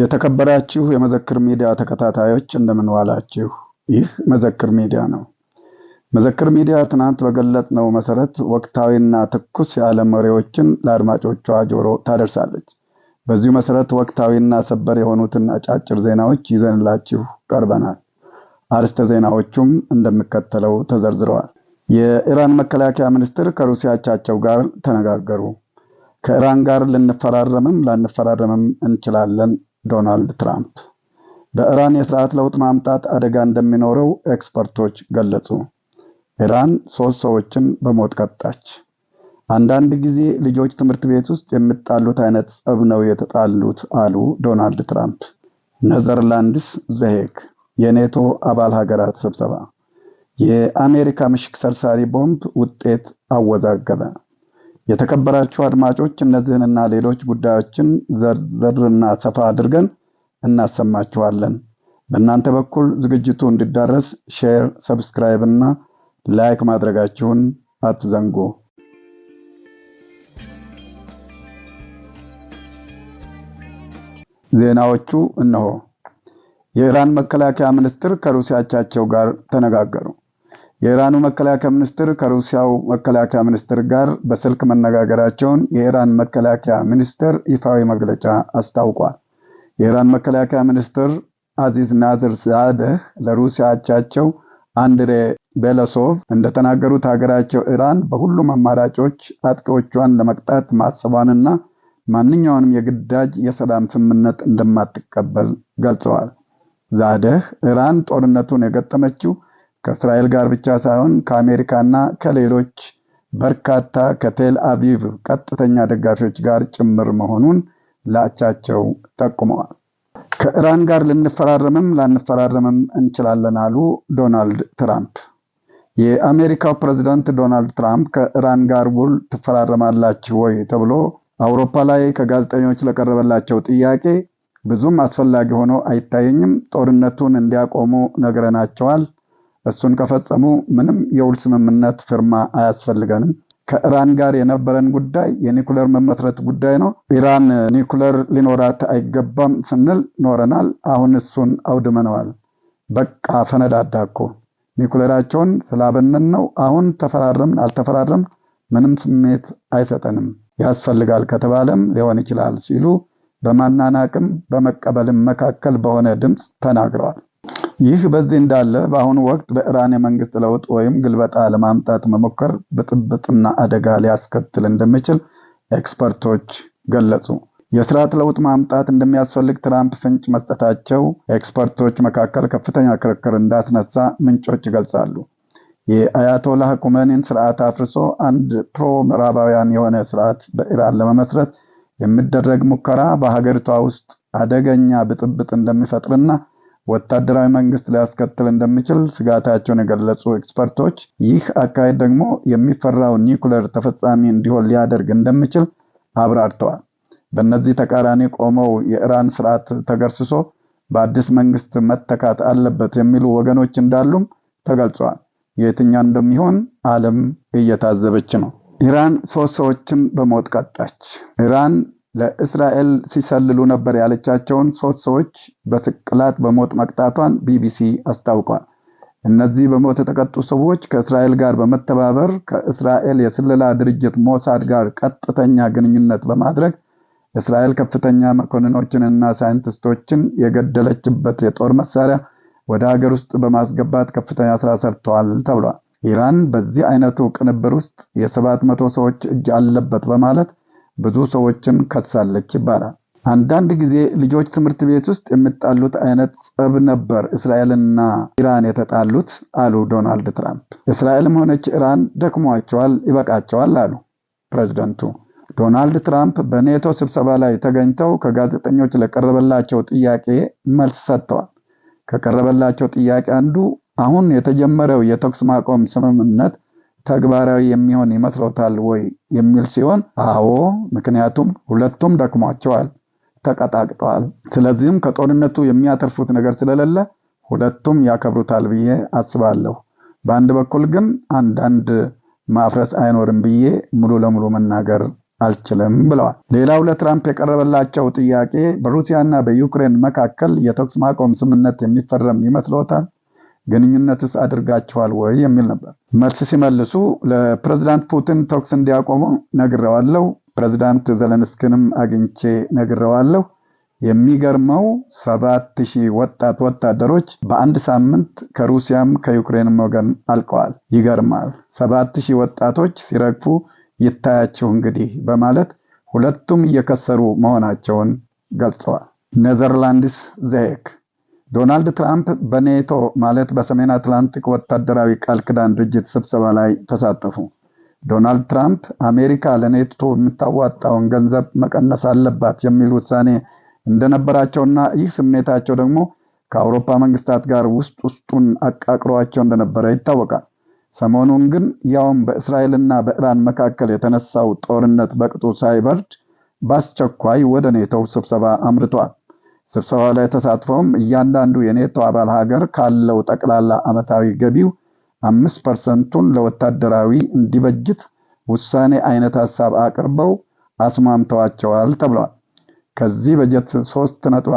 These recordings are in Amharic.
የተከበራችሁ የመዘክር ሚዲያ ተከታታዮች እንደምን ዋላችሁ። ይህ መዘክር ሚዲያ ነው። መዘክር ሚዲያ ትናንት በገለጽነው መሰረት ወቅታዊና ትኩስ የዓለም መሪዎችን ለአድማጮቿ ጆሮ ታደርሳለች። በዚሁ መሰረት ወቅታዊና ሰበር የሆኑትን አጫጭር ዜናዎች ይዘንላችሁ ቀርበናል። አርዕስተ ዜናዎቹም እንደሚከተለው ተዘርዝረዋል። የኢራን መከላከያ ሚኒስትር ከሩሲያቻቸው ጋር ተነጋገሩ። ከኢራን ጋር ልንፈራረምም ላንፈራረምም እንችላለን ዶናልድ ትራምፕ በኢራን የስርዓት ለውጥ ማምጣት አደጋ እንደሚኖረው ኤክስፐርቶች ገለጹ። ኢራን ሶስት ሰዎችን በሞት ቀጣች። አንዳንድ ጊዜ ልጆች ትምህርት ቤት ውስጥ የሚጣሉት አይነት ጸብ ነው የተጣሉት አሉ ዶናልድ ትራምፕ። ኔዘርላንድስ ዘሄግ የኔቶ አባል ሀገራት ስብሰባ የአሜሪካ ምሽግ ሰርሳሪ ቦምብ ውጤት አወዛገበ። የተከበራችሁ አድማጮች እነዚህንና ሌሎች ጉዳዮችን ዘርዘርና ሰፋ አድርገን እናሰማችኋለን። በእናንተ በኩል ዝግጅቱ እንዲዳረስ ሼር፣ ሰብስክራይብ እና ላይክ ማድረጋችሁን አትዘንጉ። ዜናዎቹ እነሆ። የኢራን መከላከያ ሚኒስትር ከሩሲያ አቻቸው ጋር ተነጋገሩ። የኢራኑ መከላከያ ሚኒስትር ከሩሲያው መከላከያ ሚኒስትር ጋር በስልክ መነጋገራቸውን የኢራን መከላከያ ሚኒስትር ይፋዊ መግለጫ አስታውቋል። የኢራን መከላከያ ሚኒስትር አዚዝ ናዝር ዛደህ ለሩሲያ አቻቸው አንድሬ ቤለሶቭ እንደተናገሩት ሀገራቸው ኢራን በሁሉም አማራጮች አጥቂዎቿን ለመቅጣት ማሰቧንና ማንኛውንም የግዳጅ የሰላም ስምምነት እንደማትቀበል ገልጸዋል። ዛደህ ኢራን ጦርነቱን የገጠመችው ከእስራኤል ጋር ብቻ ሳይሆን ከአሜሪካና ከሌሎች በርካታ ከቴል አቪቭ ቀጥተኛ ደጋፊዎች ጋር ጭምር መሆኑን ላቻቸው ጠቁመዋል። ከኢራን ጋር ልንፈራረምም ላንፈራረምም እንችላለን አሉ ዶናልድ ትራምፕ። የአሜሪካው ፕሬዚዳንት ዶናልድ ትራምፕ ከኢራን ጋር ውል ትፈራረማላችሁ ወይ ተብሎ አውሮፓ ላይ ከጋዜጠኞች ለቀረበላቸው ጥያቄ ብዙም አስፈላጊ ሆኖ አይታየኝም፣ ጦርነቱን እንዲያቆሙ ነግረናቸዋል እሱን ከፈጸሙ ምንም የውል ስምምነት ፍርማ አያስፈልገንም። ከኢራን ጋር የነበረን ጉዳይ የኒኩለር መመስረት ጉዳይ ነው። ኢራን ኒኩለር ሊኖራት አይገባም ስንል ኖረናል። አሁን እሱን አውድመነዋል። በቃ ፈነዳዳ እኮ ኒኩለራቸውን ስላበነን ነው። አሁን ተፈራረምን አልተፈራረም ምንም ስሜት አይሰጠንም። ያስፈልጋል ከተባለም ሊሆን ይችላል ሲሉ በማናናቅም በመቀበልም መካከል በሆነ ድምፅ ተናግረዋል። ይህ በዚህ እንዳለ በአሁኑ ወቅት በኢራን የመንግስት ለውጥ ወይም ግልበጣ ለማምጣት መሞከር ብጥብጥና አደጋ ሊያስከትል እንደሚችል ኤክስፐርቶች ገለጹ። የስርዓት ለውጥ ማምጣት እንደሚያስፈልግ ትራምፕ ፍንጭ መስጠታቸው ኤክስፐርቶች መካከል ከፍተኛ ክርክር እንዳስነሳ ምንጮች ይገልጻሉ። የአያቶላህ ኩመኒን ስርዓት አፍርሶ አንድ ፕሮ ምዕራባውያን የሆነ ስርዓት በኢራን ለመመስረት የሚደረግ ሙከራ በሀገሪቷ ውስጥ አደገኛ ብጥብጥ እንደሚፈጥርና ወታደራዊ መንግስት ሊያስከትል እንደሚችል ስጋታቸውን የገለጹ ኤክስፐርቶች ይህ አካሄድ ደግሞ የሚፈራው ኒኩለር ተፈጻሚ እንዲሆን ሊያደርግ እንደሚችል አብራርተዋል። በእነዚህ ተቃራኒ ቆመው የኢራን ስርዓት ተገርስሶ በአዲስ መንግስት መተካት አለበት የሚሉ ወገኖች እንዳሉም ተገልጿል። የትኛው እንደሚሆን ዓለም እየታዘበች ነው። ኢራን ሶስት ሰዎችን በሞት ቀጣች። ኢራን ለእስራኤል ሲሰልሉ ነበር ያለቻቸውን ሶስት ሰዎች በስቅላት በሞት መቅጣቷን ቢቢሲ አስታውቋል። እነዚህ በሞት የተቀጡ ሰዎች ከእስራኤል ጋር በመተባበር ከእስራኤል የስለላ ድርጅት ሞሳድ ጋር ቀጥተኛ ግንኙነት በማድረግ እስራኤል ከፍተኛ መኮንኖችንና ሳይንቲስቶችን የገደለችበት የጦር መሳሪያ ወደ ሀገር ውስጥ በማስገባት ከፍተኛ ስራ ሰርተዋል ተብሏል። ኢራን በዚህ አይነቱ ቅንብር ውስጥ የሰባት መቶ ሰዎች እጅ አለበት በማለት ብዙ ሰዎችን ከሳለች ይባላል። አንዳንድ ጊዜ ልጆች ትምህርት ቤት ውስጥ የምጣሉት አይነት ጸብ ነበር እስራኤልና ኢራን የተጣሉት አሉ ዶናልድ ትራምፕ። እስራኤልም ሆነች ኢራን ደክሟቸዋል፣ ይበቃቸዋል አሉ ፕሬዝደንቱ። ዶናልድ ትራምፕ በኔቶ ስብሰባ ላይ ተገኝተው ከጋዜጠኞች ለቀረበላቸው ጥያቄ መልስ ሰጥተዋል። ከቀረበላቸው ጥያቄ አንዱ አሁን የተጀመረው የተኩስ ማቆም ስምምነት ተግባራዊ የሚሆን ይመስሎታል ወይ የሚል ሲሆን፣ አዎ፣ ምክንያቱም ሁለቱም ደክሟቸዋል፣ ተቀጣቅጠዋል። ስለዚህም ከጦርነቱ የሚያተርፉት ነገር ስለሌለ ሁለቱም ያከብሩታል ብዬ አስባለሁ። በአንድ በኩል ግን አንዳንድ ማፍረስ አይኖርም ብዬ ሙሉ ለሙሉ መናገር አልችልም ብለዋል። ሌላው ለትራምፕ የቀረበላቸው ጥያቄ በሩሲያና በዩክሬን መካከል የተኩስ ማቆም ስምምነት የሚፈረም ይመስሎታል? ግንኙነትስ አድርጋችኋል ወይ የሚል ነበር። መልስ ሲመልሱ ለፕሬዚዳንት ፑቲን ተኩስ እንዲያቆሙ ነግረዋለሁ። ፕሬዚዳንት ዘለንስኪንም አግኝቼ ነግረዋለሁ። የሚገርመው ሰባት ሺህ ወጣት ወታደሮች በአንድ ሳምንት ከሩሲያም ከዩክሬንም ወገን አልቀዋል። ይገርማል። ሰባት ሺህ ወጣቶች ሲረግፉ ይታያችሁ እንግዲህ በማለት ሁለቱም እየከሰሩ መሆናቸውን ገልጸዋል። ኔዘርላንድስ ዘሄክ ዶናልድ ትራምፕ በኔቶ ማለት በሰሜን አትላንቲክ ወታደራዊ ቃል ክዳን ድርጅት ስብሰባ ላይ ተሳተፉ። ዶናልድ ትራምፕ አሜሪካ ለኔቶ የምታዋጣውን ገንዘብ መቀነስ አለባት የሚል ውሳኔ እንደነበራቸውና ይህ ስሜታቸው ደግሞ ከአውሮፓ መንግስታት ጋር ውስጥ ውስጡን አቃቅሯቸው እንደነበረ ይታወቃል። ሰሞኑን ግን ያውም በእስራኤልና በኢራን መካከል የተነሳው ጦርነት በቅጡ ሳይበርድ በአስቸኳይ ወደ ኔቶው ስብሰባ አምርቷል። ስብሰባ ላይ ተሳትፈውም እያንዳንዱ የኔቶ አባል ሀገር ካለው ጠቅላላ ዓመታዊ ገቢው አምስት ፐርሰንቱን ለወታደራዊ እንዲበጅት ውሳኔ አይነት ሀሳብ አቅርበው አስማምተዋቸዋል ተብለዋል። ከዚህ በጀት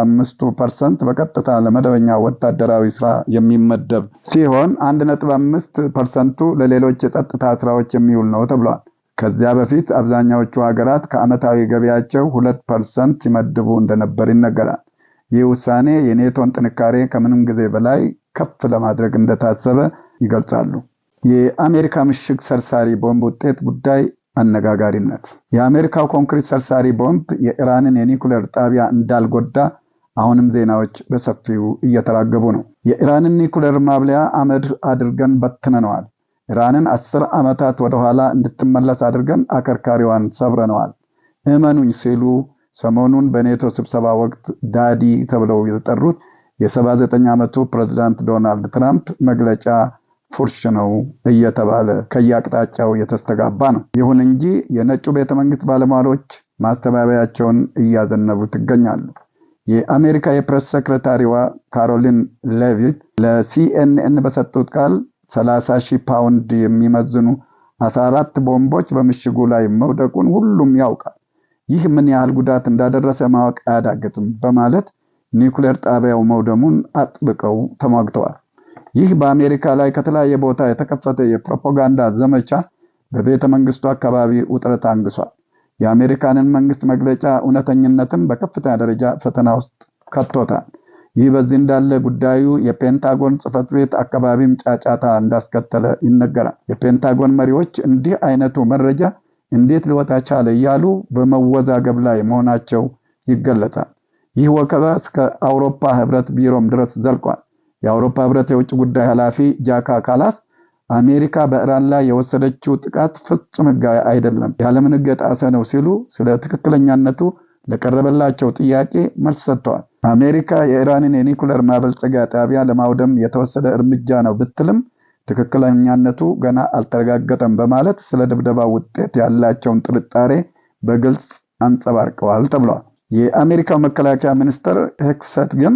አምስቱ ፐርሰንት በቀጥታ ለመደበኛ ወታደራዊ ስራ የሚመደብ ሲሆን አምስት ፐርሰንቱ ለሌሎች የጸጥታ ስራዎች የሚውል ነው ተብለዋል። ከዚያ በፊት አብዛኛዎቹ ሀገራት ከዓመታዊ ገቢያቸው ሁለት ፐርሰንት ሲመድቡ እንደነበር ይነገራል። ይህ ውሳኔ የኔቶን ጥንካሬ ከምንም ጊዜ በላይ ከፍ ለማድረግ እንደታሰበ ይገልጻሉ። የአሜሪካ ምሽግ ሰርሳሪ ቦምብ ውጤት ጉዳይ አነጋጋሪነት። የአሜሪካው ኮንክሪት ሰርሳሪ ቦምብ የኢራንን የኒኩሌር ጣቢያ እንዳልጎዳ አሁንም ዜናዎች በሰፊው እየተራገቡ ነው። የኢራንን ኒኩሌር ማብለያ አመድ አድርገን በትነነዋል። ኢራንን አስር ዓመታት ወደኋላ እንድትመለስ አድርገን አከርካሪዋን ሰብረነዋል። እመኑኝ ሲሉ ሰሞኑን በኔቶ ስብሰባ ወቅት ዳዲ ተብለው የተጠሩት የ79 ዓመቱ ፕሬዝዳንት ዶናልድ ትራምፕ መግለጫ ፉርሽ ነው እየተባለ ከየአቅጣጫው የተስተጋባ ነው። ይሁን እንጂ የነጩ ቤተ መንግስት ባለሟሎች ማስተባበያቸውን እያዘነቡ ትገኛሉ። የአሜሪካ የፕሬስ ሰክረታሪዋ ካሮሊን ሌቪት ለሲኤንኤን በሰጡት ቃል 30 ሺህ ፓውንድ የሚመዝኑ 14 ቦምቦች በምሽጉ ላይ መውደቁን ሁሉም ያውቃል ይህ ምን ያህል ጉዳት እንዳደረሰ ማወቅ አያዳግትም በማለት ኒውክሌር ጣቢያው መውደሙን አጥብቀው ተሟግተዋል። ይህ በአሜሪካ ላይ ከተለያየ ቦታ የተከፈተ የፕሮፓጋንዳ ዘመቻ በቤተ መንግስቱ አካባቢ ውጥረት አንግሷል። የአሜሪካንን መንግስት መግለጫ እውነተኝነትም በከፍተኛ ደረጃ ፈተና ውስጥ ከቶታል። ይህ በዚህ እንዳለ ጉዳዩ የፔንታጎን ጽህፈት ቤት አካባቢም ጫጫታ እንዳስከተለ ይነገራል። የፔንታጎን መሪዎች እንዲህ አይነቱ መረጃ እንዴት ሊወጣ ቻለ እያሉ በመወዛገብ ላይ መሆናቸው ይገለጻል። ይህ ወከባ እስከ አውሮፓ ህብረት ቢሮም ድረስ ዘልቋል። የአውሮፓ ህብረት የውጭ ጉዳይ ኃላፊ ጃካ ካላስ አሜሪካ በኢራን ላይ የወሰደችው ጥቃት ፍጹም ህጋዊ አይደለም፣ የዓለምን ህግ የጣሰ ነው ሲሉ ስለ ትክክለኛነቱ ለቀረበላቸው ጥያቄ መልስ ሰጥተዋል። አሜሪካ የኢራንን የኒኩለር ማበልጸጊያ ጣቢያ ለማውደም የተወሰደ እርምጃ ነው ብትልም ትክክለኛነቱ ገና አልተረጋገጠም በማለት ስለ ድብደባ ውጤት ያላቸውን ጥርጣሬ በግልጽ አንጸባርቀዋል ተብሏል። የአሜሪካው መከላከያ ሚኒስትር ሄክሰት ግን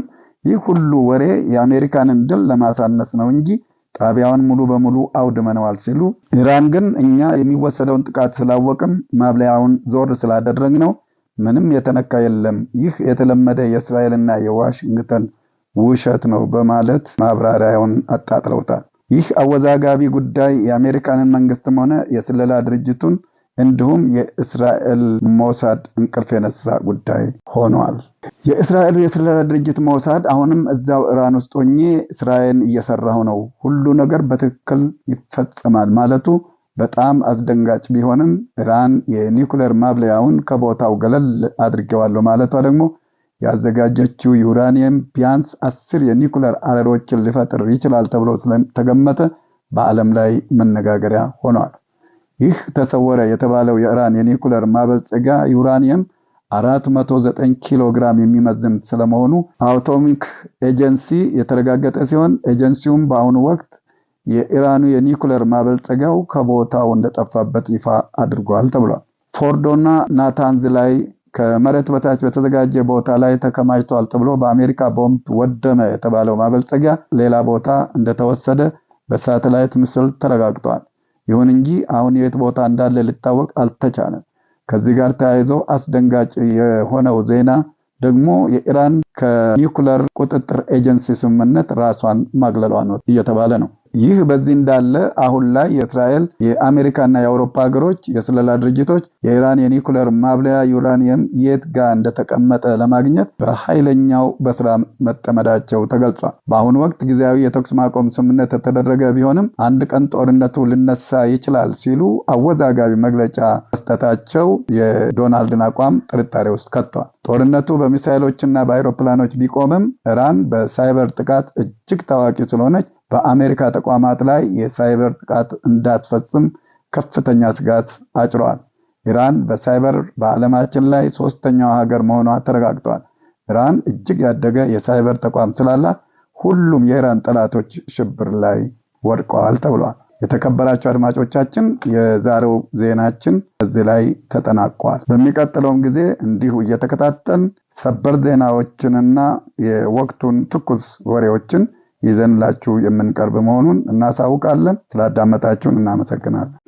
ይህ ሁሉ ወሬ የአሜሪካንን ድል ለማሳነስ ነው እንጂ ጣቢያውን ሙሉ በሙሉ አውድመነዋል ሲሉ፣ ኢራን ግን እኛ የሚወሰደውን ጥቃት ስላወቅም ማብለያውን ዞር ስላደረግ ነው ምንም የተነካ የለም፣ ይህ የተለመደ የእስራኤልና የዋሽንግተን ውሸት ነው በማለት ማብራሪያውን አጣጥለውታል። ይህ አወዛጋቢ ጉዳይ የአሜሪካንን መንግስትም ሆነ የስለላ ድርጅቱን እንዲሁም የእስራኤል ሞሳድ እንቅልፍ የነሳ ጉዳይ ሆኗል። የእስራኤል የስለላ ድርጅት ሞሳድ አሁንም እዛው ኢራን ውስጥ ሆኜ ስራዬን እየሰራሁ ነው፣ ሁሉ ነገር በትክክል ይፈጸማል ማለቱ በጣም አስደንጋጭ ቢሆንም ኢራን የኒውክሌር ማብለያውን ከቦታው ገለል አድርጌዋለሁ ማለቷ ደግሞ ያዘጋጀችው ዩራኒየም ቢያንስ አስር የኒኩለር አረሮችን ሊፈጥር ይችላል ተብሎ ስለተገመተ በዓለም ላይ መነጋገሪያ ሆኗል። ይህ ተሰወረ የተባለው የኢራን የኒኩለር ማበልጸጋ ዩራኒየም 409 ኪሎ ግራም የሚመዝን ስለመሆኑ አቶሚክ ኤጀንሲ የተረጋገጠ ሲሆን ኤጀንሲውም በአሁኑ ወቅት የኢራኑ የኒኩለር ማበልጸጋው ከቦታው እንደጠፋበት ይፋ አድርጓል ተብሏል። ፎርዶና ናታንዝ ላይ ከመሬት በታች በተዘጋጀ ቦታ ላይ ተከማችቷል ተብሎ በአሜሪካ ቦምብ ወደመ የተባለው ማበልጸጊያ ሌላ ቦታ እንደተወሰደ በሳተላይት ምስል ተረጋግጧል። ይሁን እንጂ አሁን የት ቦታ እንዳለ ሊታወቅ አልተቻለም። ከዚህ ጋር ተያይዞ አስደንጋጭ የሆነው ዜና ደግሞ የኢራን ከኒውክለር ቁጥጥር ኤጀንሲ ስምምነት ራሷን ማግለሏ ነው እየተባለ ነው። ይህ በዚህ እንዳለ አሁን ላይ የእስራኤል የአሜሪካና የአውሮፓ ሀገሮች የስለላ ድርጅቶች የኢራን የኒኩለር ማብለያ ዩራኒየም የት ጋር እንደተቀመጠ ለማግኘት በኃይለኛው በስራ መጠመዳቸው ተገልጿል። በአሁኑ ወቅት ጊዜያዊ የተኩስ ማቆም ስምምነት የተደረገ ቢሆንም አንድ ቀን ጦርነቱ ልነሳ ይችላል ሲሉ አወዛጋቢ መግለጫ መስጠታቸው የዶናልድን አቋም ጥርጣሬ ውስጥ ከጥተዋል። ጦርነቱ በሚሳይሎችና በአይሮፕላኖች ቢቆምም ኢራን በሳይበር ጥቃት እጅግ ታዋቂ ስለሆነች በአሜሪካ ተቋማት ላይ የሳይበር ጥቃት እንዳትፈጽም ከፍተኛ ስጋት አጭሯል። ኢራን በሳይበር በዓለማችን ላይ ሶስተኛው ሀገር መሆኗ ተረጋግጧል። ኢራን እጅግ ያደገ የሳይበር ተቋም ስላላት ሁሉም የኢራን ጠላቶች ሽብር ላይ ወድቀዋል ተብሏል። የተከበራቸው አድማጮቻችን የዛሬው ዜናችን እዚህ ላይ ተጠናቋል። በሚቀጥለውም ጊዜ እንዲሁ እየተከታተል ሰበር ዜናዎችንና የወቅቱን ትኩስ ወሬዎችን ይዘንላችሁ የምንቀርብ መሆኑን እናሳውቃለን። ስላዳመጣችሁን እናመሰግናለን።